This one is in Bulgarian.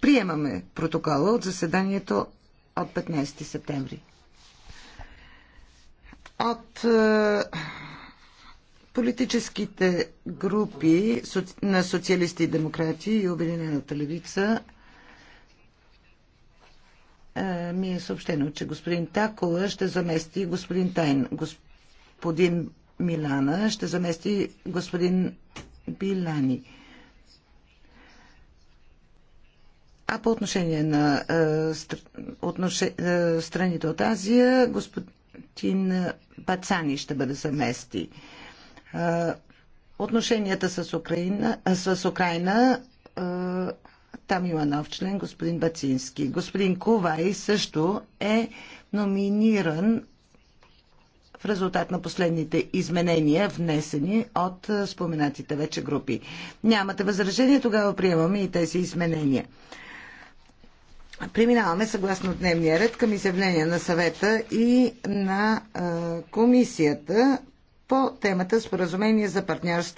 Приемаме протокола от заседанието от 15 септември. От е, политическите групи на социалисти и демократи и Обединената левица е, ми е съобщено, че господин Такола ще замести господин Тайн. Господин Милана ще замести господин Билани. А по отношение на е, е, страните от Азия, господин Пацани ще бъде замести. Е, отношенията с Украина, с Украина там има нов член, господин Бацински. Господин Кувай също е номиниран в резултат на последните изменения, внесени от споменатите вече групи. Нямате възражение, тогава приемаме и тези изменения. Преминаваме съгласно дневния ред към изявления на съвета и на комисията по темата споразумение за партньорство